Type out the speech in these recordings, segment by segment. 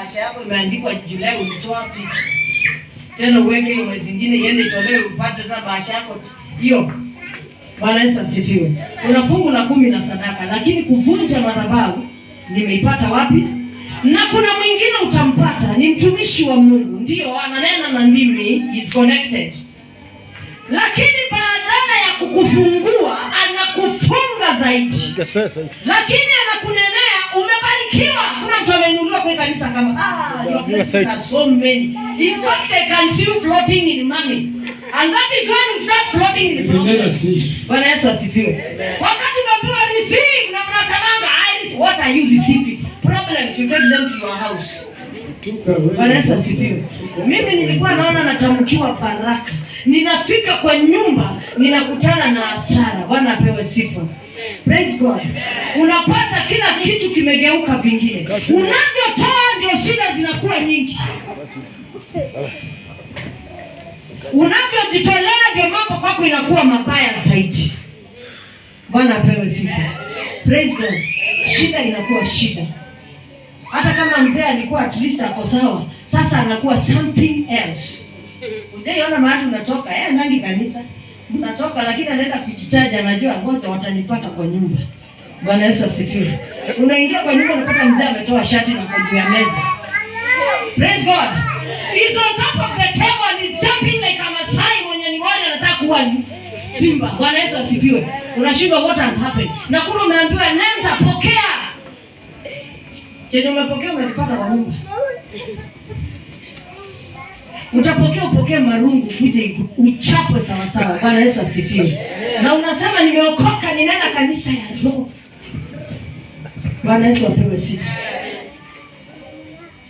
bahasha yako imeandikwa Julai ulitoa tena uweke mwezi mwingine iende tolewe upate za bahasha yako hiyo. Bwana Yesu asifiwe. Kuna fungu la kumi na sadaka, lakini kuvunja madhabahu nimeipata wapi? Na kuna mwingine utampata, ni mtumishi wa Mungu, ndio ananena na mimi, is connected, lakini badala ya kukufungua anakufunga zaidi, lakini anakunena kuna mtu kwa kanisa kama ah, ah so many. In fact, can see you floating in money. And that is when you start floating in problems. Bwana Yesu asifiwe. Wakati unapewa receive na mnasemanga, What are you receiving? Problems, you take them to your house. Bwana Yesu asifiwe. Mimi nilikuwa naona natamkiwa baraka. Ninafika kwa nyumba, ninakutana na hasara. Bwana apewe sifa. Praise God. Unapata kila kitu kimegeuka vingine. Unavyotoa ndio shida zinakuwa nyingi. Unavyojitolea ndio mambo kwako inakuwa mabaya zaidi. Bwana apewe sifa. Praise God. Shida inakuwa shida. Hata kama mzee alikuwa at least ako sawa, sasa anakuwa something else. Ujaiona mahali unatoka, eh, nangi kanisa natoka, lakini anaenda kujichaja, anajua ngoja watanipata kwa nyumba. Bwana Yesu asifiwe. Unaingia kwa nyumba unapata mzee ametoa shati na kwa juu ya meza. Praise God. He's on top of the table and he's jumping like a Masai mwenye ni wale anataka kuwa simba. Bwana Yesu asifiwe. Unashindwa what has happened. Na kule umeambiwa nenda pokea. Chenye umepokea umepata kwa nyumba. Utapokea upokee marungu fute uchapwe sawa sawa. Bwana Yesu asifiwe. Na unasema nimeokoka, ninaenda kanisa ya roho. Bwana Yesu apewe sifa.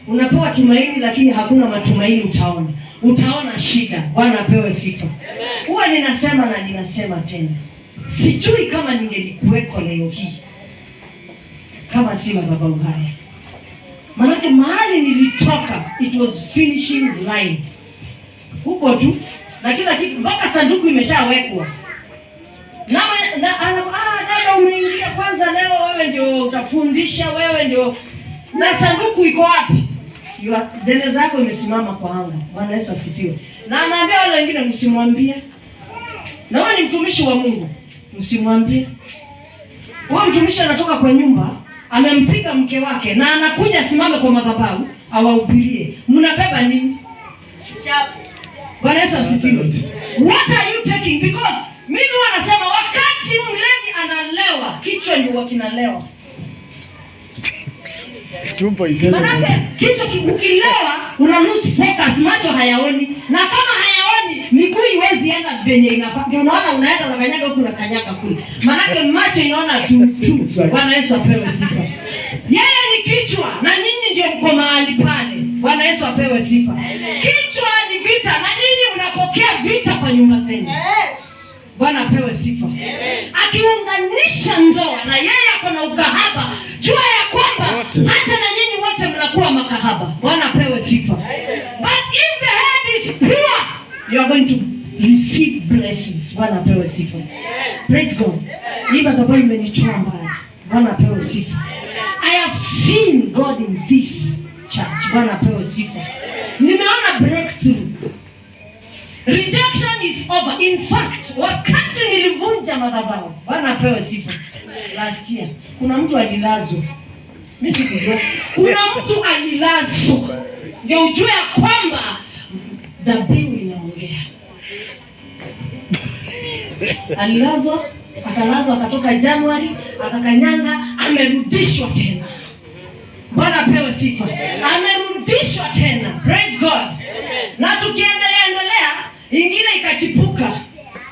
Unapewa tumaini lakini hakuna matumaini, utaona utaona shida. Bwana apewe sifa. Huwa ninasema na ninasema tena, sijui kama ningelikuweko leo hii kama si baba Uhaya Maanake mahali nilitoka it was finishing line huko tu na kila kitu, mpaka sanduku imeshawekwa na, ah, na, ah, dada umeingia kwanza, leo wewe ndio utafundisha, wewe ndio na sanduku iko wapi? Jeneza zako imesimama kwa anga. Bwana Yesu asifiwe. Na anaambia wale wengine msimwambie, na wewe ni mtumishi wa Mungu, msimwambie. Wewe mtumishi anatoka kwa nyumba amempiga mke wake na anakuja simame kwa madhabahu awahubirie, mnabeba nini? Bwana Yesu asifiwe. What are you taking? Because mimi wanasema wakati mlevi analewa, kichwa ndio wakinalewa. Manake kichwa ukilewa una lose focus, macho hayaoni na kama haya miguu iwezi enda venye inafaa. Ndio unaona unaenda unakanyaga huku na kanyaga kule, maanake macho inaona tu tu. Bwana Yesu apewe sifa. Yeye ni kichwa na nyinyi ndio mko mahali pale. Bwana Yesu apewe sifa. Kichwa ni vita na nyinyi mnapokea vita kwa nyumba zenu. Bwana apewe sifa. Akiunganisha ndoa na yeye ako na ukahaba, jua ya kwamba hata na nyinyi wote mnakuwa makahaba. Bwana apewe sifa. you are going to receive blessings. Bwana apewe sifa. Praise God. Hivyo ndio imenitoa mbali. Bwana apewe sifa. I have seen God in this church. Bwana apewe sifa. Nimeona breakthrough. Rejection is over. In fact, wakati nilivunja madhabahu, Bwana apewe sifa. Last year, kuna mtu alilazwa. Mimi sikujua. Kuna mtu alilazwa. Ndio ujue kwamba dhabihu inaongea. Alilazwa, akalazwa, akatoka Januari, akakanyanga, amerudishwa tena. Bwana apewe sifa, amerudishwa tena. Praise God. Na tukiendelea endelea, ingine ikachipuka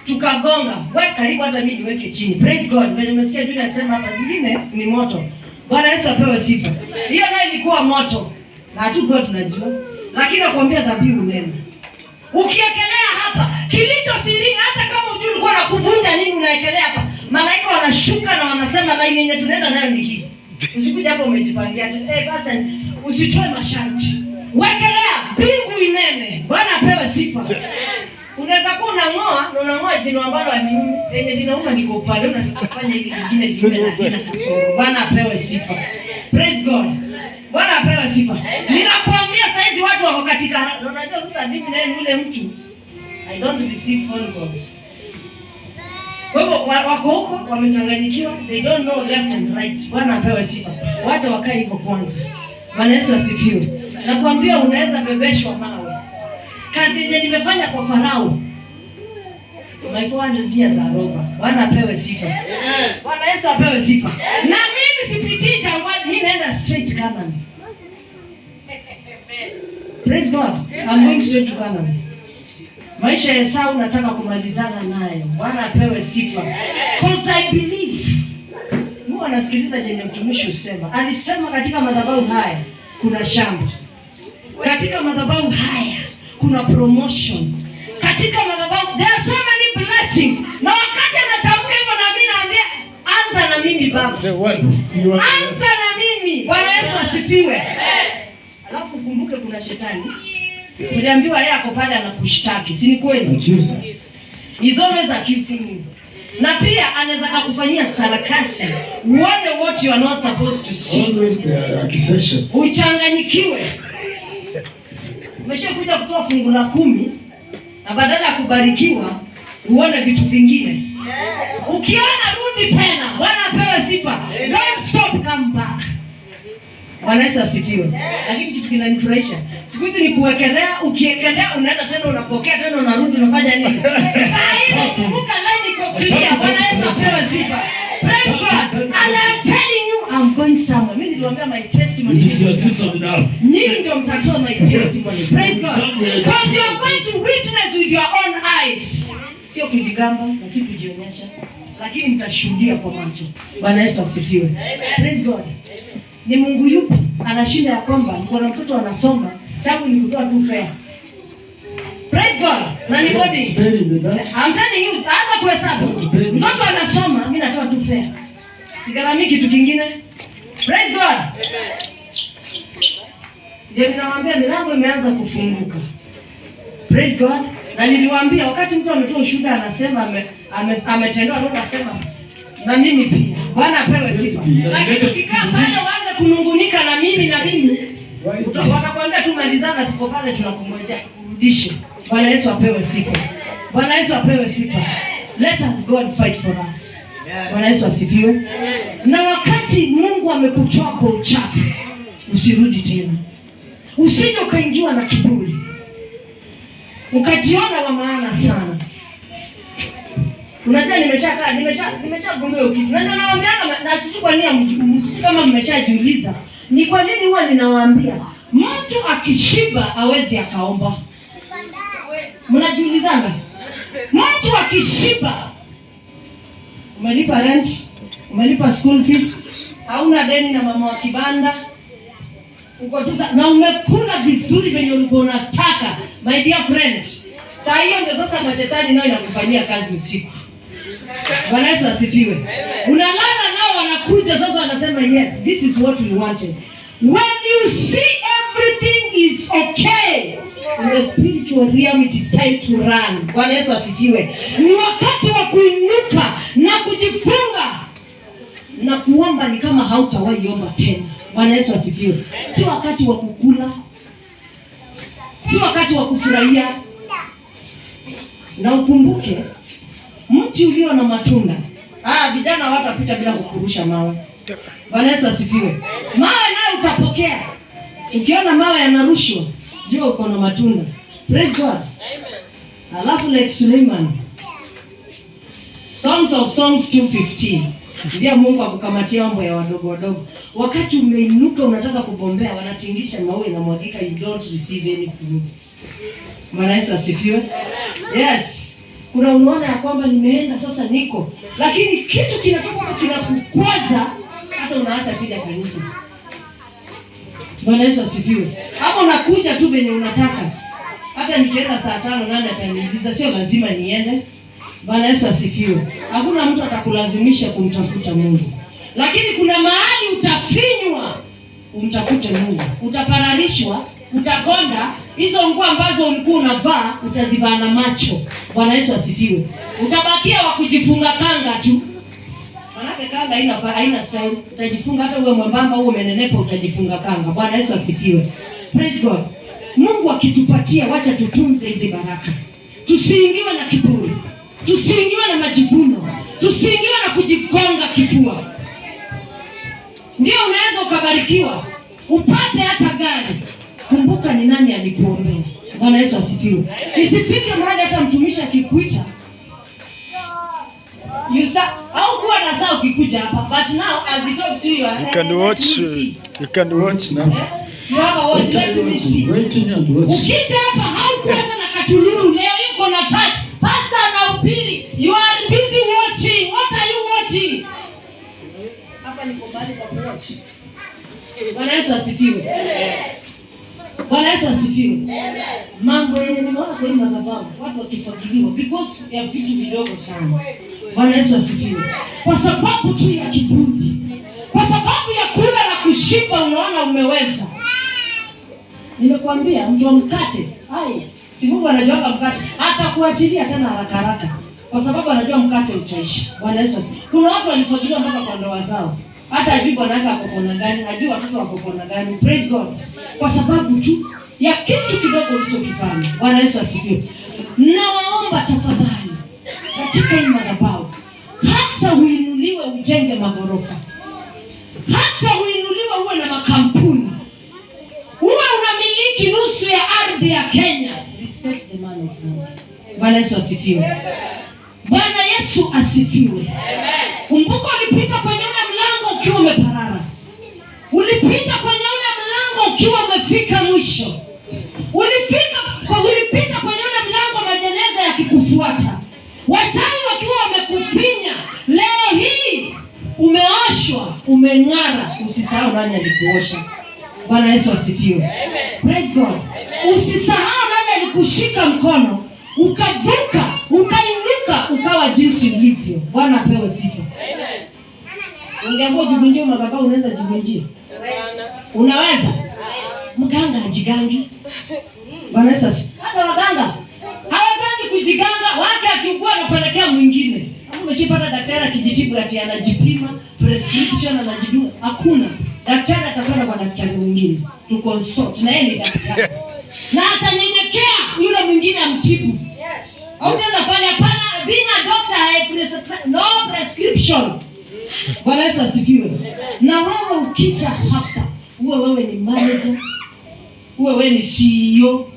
tukagonga we karibu, hata mimi niweke chini. Praise God. venye nimesikia Julia anasema hapa, zingine ni moto. Bwana Yesu apewe sifa. Hiyo nayo ilikuwa moto na hatukuwa tunajua, lakini nakwambia dhabihu neno Ukiekelea hapa kilicho siri, hata kama ujui ulikuwa na kuvunja nini, unaekelea hapa, malaika wanashuka na wanasema laini yenye tunaenda nayo ni hii. Usikuja hapo umejipangia tu. hey, eh, basi usitoe masharti. Wekelea bingu inene. Bwana apewe sifa. Unaweza kuwa unang'oa na unang'oa jino ambalo lenye linauma niko upande na nikufanya hili kingine liwe na hila. Bwana apewe sifa. Praise God. Bwana apewe sifa. Ninakuwa eti watu wako katika, unajua sasa mimi na yule mtu I don't receive phone calls. Kwa hivyo wako huko wamechanganyikiwa, they don't know left and right. Bwana apewe sifa, wacha wakae hivyo kwanza. Bwana Yesu asifiwe. Nakwambia unaweza bebeshwa mawe. Kazi yenye nimefanya kwa Farao my 400 years are over. Bwana apewe sifa. Bwana Yesu apewe sifa. Na mimi sipitii jangwani, mimi naenda straight kama Kanaani. Praise God. I'm going straight to Ghana. Maisha ya Esau nataka kumalizana nayo. Bwana apewe sifa. Cause I believe. Mungu anasikiliza jenye mtumishi usema. Alisema katika madhabahu haya kuna shamba. Katika madhabahu haya kuna promotion. Katika madhabahu there are so many blessings. Na wakati anatamka hivyo na mimi naambia anza na mimi baba. Anza na mimi. Bwana Yesu asifiwe. Alafu ukumbuke kuna shetani. Tuliambiwa yeye ako pale anakushtaki, si ni kweli? Hizo always accusing Na pia anaweza kukufanyia sarakasi. Wonder what you are not supposed to see. Uchanganyikiwe. Umeshakuja kutoa fungu la kumi na badala ya kubarikiwa uone vitu vingine. Yeah. Bwana Yesu asifiwe. Lakini kitu kinanifurahisha siku hizi ni kuwekelea, ukiekelea unaenda tena unapokea tena unarudi unafanya nini? kumbuka line iko clear. Bwana Yesu asifiwe sifa. Praise God. And I'm telling you I'm going somewhere. Mimi niliwaambia my testimony. Nyinyi ndio my testimony. Praise God. Because you are going to witness with your own eyes. Sio kujigamba na si kujionyesha. Lakini mtashuhudia kwa macho. Bwana Yesu asifiwe. Praise God. Ni Mungu yupi ana shida ya kwamba niko na mtoto anasoma, changu ni kutoa tu fare. Praise God. Na ni body. I'm telling you, anza kuhesabu. Mtoto anasoma, mimi natoa tu fare. Sigarami kitu kingine. Praise God. Amen. Ndio ninawaambia milango imeanza kufunguka. Praise God. Na niliwaambia wakati mtu ametoa ushuhuda anasema ametendewa ame, ame, ame, ame, ame, ame, na mimi pia. Bwana apewe sifa. Lakini ukikaa pale waanze kunungunika na mimi na mimi, wakakwambia tumalizana, tuko pale tunakungojea kurudisha. Bwana Yesu apewe sifa. Bwana Yesu apewe sifa. Let us God fight for us. Bwana Yesu asifiwe. Na wakati Mungu amekutoa kwa uchafu, usirudi tena, usije ukaingiwa na kiburi ukajiona wa maana sana Unajua nimeshakaa nimesha nimeshagundua hiyo kitu. Ndio nawaambia na sijui kwa nini msijui kama mmeshajiuliza. Ni kwa nini huwa ninawaambia mtu akishiba hawezi akaomba. Mnajiulizanga? Mtu akishiba umelipa rent, umelipa school fees, hauna deni na mama wa kibanda. Uko tu na umekula vizuri venye ulikuwa unataka. My dear friends, saa hiyo ndio sasa mashetani nayo inakufanyia kazi usiku. Bwana Yesu asifiwe. Unalala nao wanakuja sasa, wanasema yes, this is what we wanted. When you see everything is okay in the spiritual realm, it is time to run. Bwana Yesu asifiwe. Ni wakati wa kuinuka na kujifunga na kuomba, ni kama hautawahi omba tena. Bwana Yesu asifiwe. Si wakati wa kukula, si wakati wa kufurahia, na ukumbuke mti ulio na matunda. Ah, vijana watapita bila kukurusha mawe. Bwana Yesu asifiwe. Mawe nayo utapokea. Ukiona mawe yanarushwa, jua uko na matunda. Praise God. Amen. Alafu like Suleiman. Songs of Songs 215. Ndio Mungu akukamatia mambo ya wadogo wadogo. Wakati umeinuka unataka kubombea, wanatingisha mawe na mwagika, you don't receive any fruits. Bwana Yesu asifiwe. Yes unauona ya kwamba nimeenda sasa, niko lakini kitu kinatoka kinakukwaza, hata unaacha kuja kanisa. Bwana Yesu asifiwe. Hapo nakuja tu venye unataka, hata nikienda saa tano nani ataniingiza Sio lazima niende. Bwana Yesu asifiwe. Hakuna mtu atakulazimisha kumtafuta Mungu, lakini kuna mahali utafinywa umtafute Mungu, utapararishwa, utakonda hizo nguo ambazo mkuu unavaa utazivaa na macho. Bwana Yesu asifiwe. Utabakia wa kujifunga kanga tu, manake kanga haina haina style. Utajifunga hata uwe mwembamba uwe umenenepa, utajifunga kanga. Bwana Yesu asifiwe. Praise God. Mungu akitupatia, wacha tutunze hizi baraka, tusiingiwe na kiburi, tusiingiwe na majivuno, tusiingiwe na kujikonga kifua. Ndio unaweza ukabarikiwa upate hata gari kumbuka ni nani alikuombea. Bwana Yesu asifiwe. Isifike mahali hata mtumishi akikuita you start au kuwa na saa ukikuja hapa but now as it talks to you you can watch you can watch now eh? you have a watch let me see waiting and watch ukija hapa hata na katululu leo yuko na pastor you are busy watching what are you watching hapa niko watch Bwana Yesu asifiwe. Bwana Yesu asifiwe. Mambo yenye nimeona kwa hii madhabahu watu wakifagiliwa because ya vitu vidogo sana. Bwana Yesu asifiwe. Kwa sababu tu ya kiburi. Kwa sababu ya kula na kushiba unaona umeweza. Nimekwambia mtu wa mkate. Haya, si Mungu anajua mkate. Hata tena haraka haraka. Kwa sababu anajua mkate utaisha. Bwana Yesu asifiwe. Kuna watu walifagiliwa mpaka kwa ndoa zao hata ajui bwana wake akopona gani, ajui watoto wakopona gani. Praise God, kwa sababu tu ya kitu kidogo ulichokifanya. Bwana Yesu asifiwe. Nawaomba tafadhali, katika hii madhabahu, hata uinuliwe ujenge magorofa, hata uinuliwe uwe na makampuni, uwe unamiliki nusu ya ardhi ya Kenya. Respect the man of God. Bwana Yesu asifiwe. Bwana Yesu asifiwe. Kumbuka ulipita kwenye ukiwa umeparara, ulipita kwenye ule mlango ukiwa umefika mwisho, ulifika kwa, ulipita kwenye ule mlango majeneza yakikufuata, wachawi wakiwa wamekufinya. Leo hii umeoshwa, umeng'ara. Usisahau nani alikuosha. Bwana Yesu asifiwe, praise God. Usisahau nani alikushika mkono ukavuka ukainuka ukawa jinsi ulivyo. Bwana apewe sifa. Amen. Ungeambiwa jivunjie madhabahu unaweza jivunjie. Unaweza? Mganga ajigangi. Bwana Yesu asifiwe. Hata waganga hawezani kujiganga, wake akiugua anapelekea mwingine. Umeshipata daktari akijitibu ati anajipima prescription anajidua? Hakuna. Daktari atakwenda kwa daktari mwingine to consult na yeye ni daktari. Na atanyenyekea yule mwingine amtibu. Yes. Au tena pale pana bila doctor no prescription. Bwana Yesu asifiwe. Na wewe ukija hapa, uwe wewe ni manager, uwe wewe ni CEO,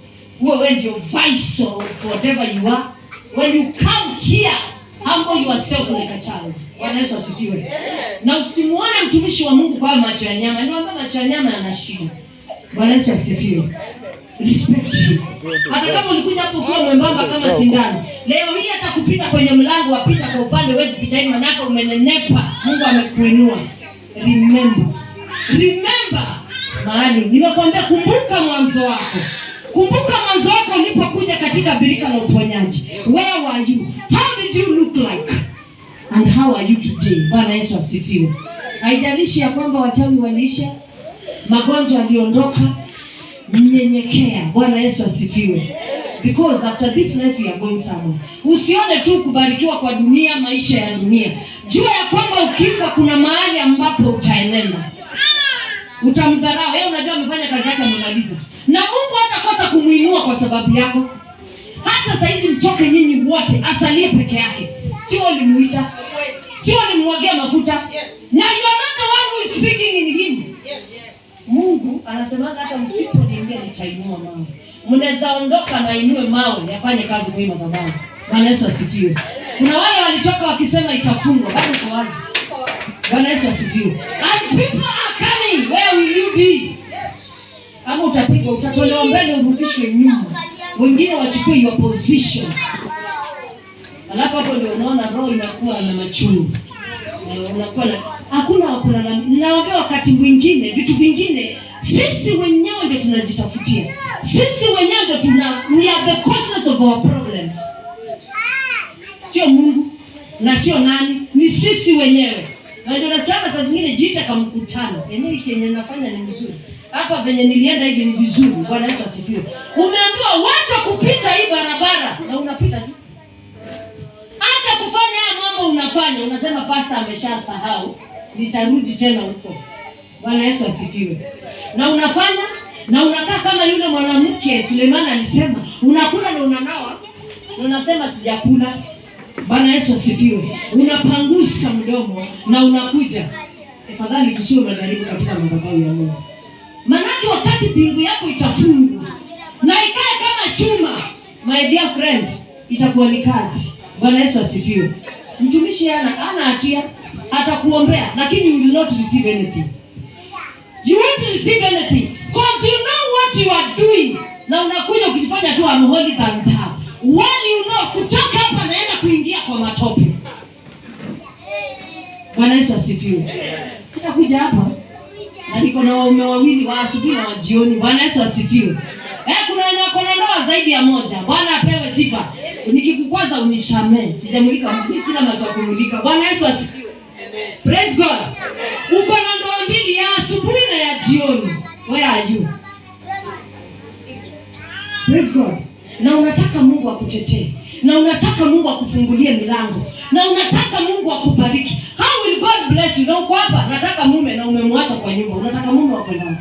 uwe wewe ndio vice or whatever you are, when you come here humble yourself like a child. Bwana Yesu asifiwe. Na usimuone mtumishi wa Mungu kwa macho ya nyama, Ni ambaye macho ya nyama yana shida. Bwana Yesu asifiwe. Respect. Hata kama ulikuja hapo ukiwa mwembamba kama sindano Leo hii hata kupita kwenye mlango wapita kwa upande huwezi pita hivi, manaka umenenepa, Mungu amekuinua. Remember, remember mahali nimekuambia, kumbuka mwanzo wako, kumbuka mwanzo wako ulipokuja katika birika la uponyaji. Where are you? How did you look like and how are you today? Bwana Yesu asifiwe. Haijalishi ya kwamba wachawi waliisha, magonjwa yaliondoka, nyenyekea. Bwana Yesu asifiwe because after this life you are going somewhere. Usione tu kubarikiwa kwa dunia, maisha ya dunia. Jua ya kwamba ukifa kuna mahali ambapo utaenenda, utamdharau. Wewe unajua amefanya kazi yake, amemaliza, na Mungu hatakosa kumuinua kwa sababu yako. Hata saizi mtoke nyinyi wote, asalie peke yake. Sio alimuita, sio alimwagia mafuta yes. na you are not the one who is speaking in him yes. Mungu anasemaga hata msipo nikamwambia nitainua mawe. Mnaweza ondoka na inue mawe yafanye kazi muhimu babangu. Bwana Yesu asifiwe. Kuna wale walitoka wakisema itafungwa, bado iko wazi. Bwana Yesu asifiwe. And people are coming, where will you be? Kama utapigwa utatolewa mbele urudishwe nyuma. Wengine wachukue your position. Alafu hapo ndio unaona roho inakuwa na machungu. Unakuwa na hakuna wakulala. naomba wakati mwingine vitu vingine sisi wenyewe ndio tunajitafutia, sisi wenyewe ndio tuna, we are the causes of our problems, sio Mungu na sio nani, ni sisi wenyewe. Na ndio nasema saa zingine jiita kama mkutano, eneo yaani chenye nafanya ni mzuri hapa, venye nilienda hivi ni vizuri. Bwana Yesu asifiwe. Umeambiwa wacha kupita hii barabara na unapita tu, hata kufanya haya mambo unafanya, unasema pasta ameshasahau, nitarudi tena huko. Bwana Yesu asifiwe na unafanya na unakaa kama yule mwanamke Suleiman alisema, unakula na unanawa na unasema sijakula. bana Yesu asifiwe. Unapangusa mdomo na unakuja. Tafadhali tusio madhalimu katika madhabahu ya Mungu, maanake wakati bingu yako itafungwa na ikae kama chuma, my dear friend, itakuwa ni kazi. Bwana Yesu asifiwe. Mtumishi ana ana hatia, atakuombea lakini you will not receive anything. You won't receive anything because you know what you are doing, na unakuja ukijifanya tu amholi than thou. Well you know, kutoka hapa naenda kuingia kwa matope. Bwana Yesu asifiwe. Sitakuja hapa na niko na waume wawili wa asubuhi na wa jioni. Bwana Yesu asifiwe. Eh, kuna wenye kuna ndoa zaidi ya moja. Bwana apewe sifa. Nikikukwaza unishamee. Sijamulika mimi, sina macho kumulika. Bwana Yesu asifiwe. Praise God. Uko jioni. Where are you? Praise God. Na unataka Mungu akutetee, na unataka Mungu akufungulie milango, na unataka Mungu akubariki. How will God bless you? Na uko hapa, nataka mume na umemwacha kwa nyumba, unataka mume wako na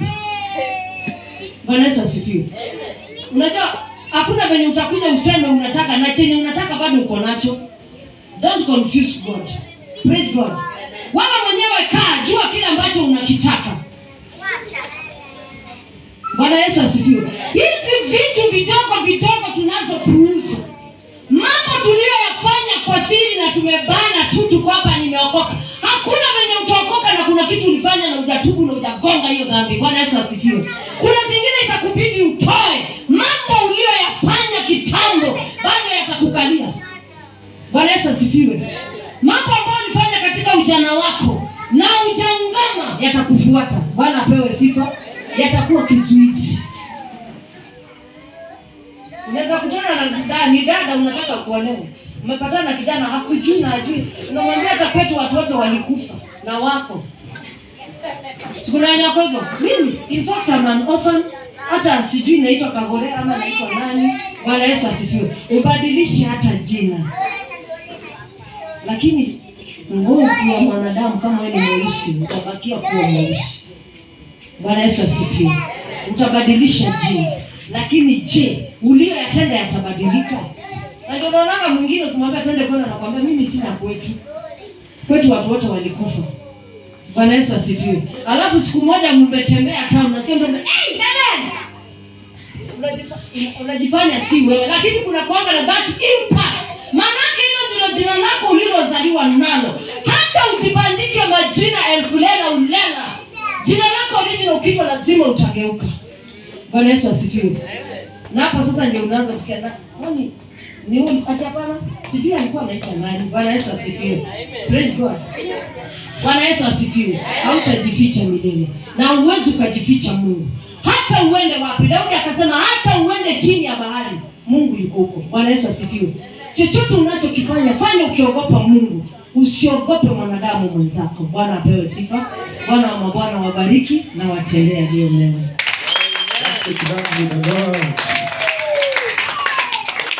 Bwana Yesu asifiwe. Unajua hakuna venye utakuja useme unataka na chenye unataka bado uko nacho. Don't confuse God. Praise God. Wala mwenyewe kaa, jua kile ambacho unakitaka. Bwana Yesu asifiwe. Hizi vitu vidogo vidogo tunazopuuza, mambo tuliyoyafanya kwa siri na tumebana tu, tuko hapa, nimeokoka. Hakuna mwenye utaokoka na kuna kitu ulifanya na ujatubu na ujagonga hiyo dhambi. Bwana Yesu asifiwe. Kuna zingine itakubidi utoe, mambo uliyoyafanya kitambo bado yatakukalia. Bwana Yesu asifiwe. Mambo ambayo ulifanya katika ujana wako na ujaungama yatakufuata. Bwana apewe sifa yatakuwa kizuizi. Unaweza kutana na dada, ni dada unataka kuwa kuolewa, umepatana na kijana hakujui na ajui, unamwambia hata kwetu watoto walikufa na wako sikunanyako hivyo. Mimi in fact I'm an orphan, hata sijui naitwa Kagore ama naitwa nani. Bwana Yesu asifiwe. Ubadilishi hata jina, lakini ngozi ya mwanadamu kama wewe ni mweusi, utabakia kuwa mweusi. Bwana Yesu asifiwe. Utabadilisha je? lakini je, uliyoyatenda yatabadilika? Na ndio unaona mwingine ukimwambia twende kwenda, na nakwambia mimi sina kwetu, kwetu watu wote walikufa. Bwana Yesu asifiwe. Alafu siku moja mmetembea town, nasikia mtu anasema hey, dada unajifanya si wewe, lakini kuna kwanga na that impact. Maana hilo ndilo jina lako ulilozaliwa nalo, hata ujibandike majina elfu lela ulela Jina lako original ukiitwa lazima utageuka. Bwana Yesu asifiwe. Na hapo sasa ndio unaanza kusikia na kwani ni huyu mkacha hapana sijui alikuwa anaitwa nani. Bwana Yesu asifiwe. Praise God. Bwana Yesu asifiwe. Hautajificha milele. Na uwezi ukajificha Mungu. Hata uende wapi? Daudi akasema hata uende chini ya bahari, Mungu yuko huko. Bwana Yesu asifiwe. Chochote unachokifanya fanya ukiogopa Mungu. Usiogope mwanadamu mwenzako. Bwana apewe sifa. Bwana wa mabwana wabariki na watendee aliyo mema.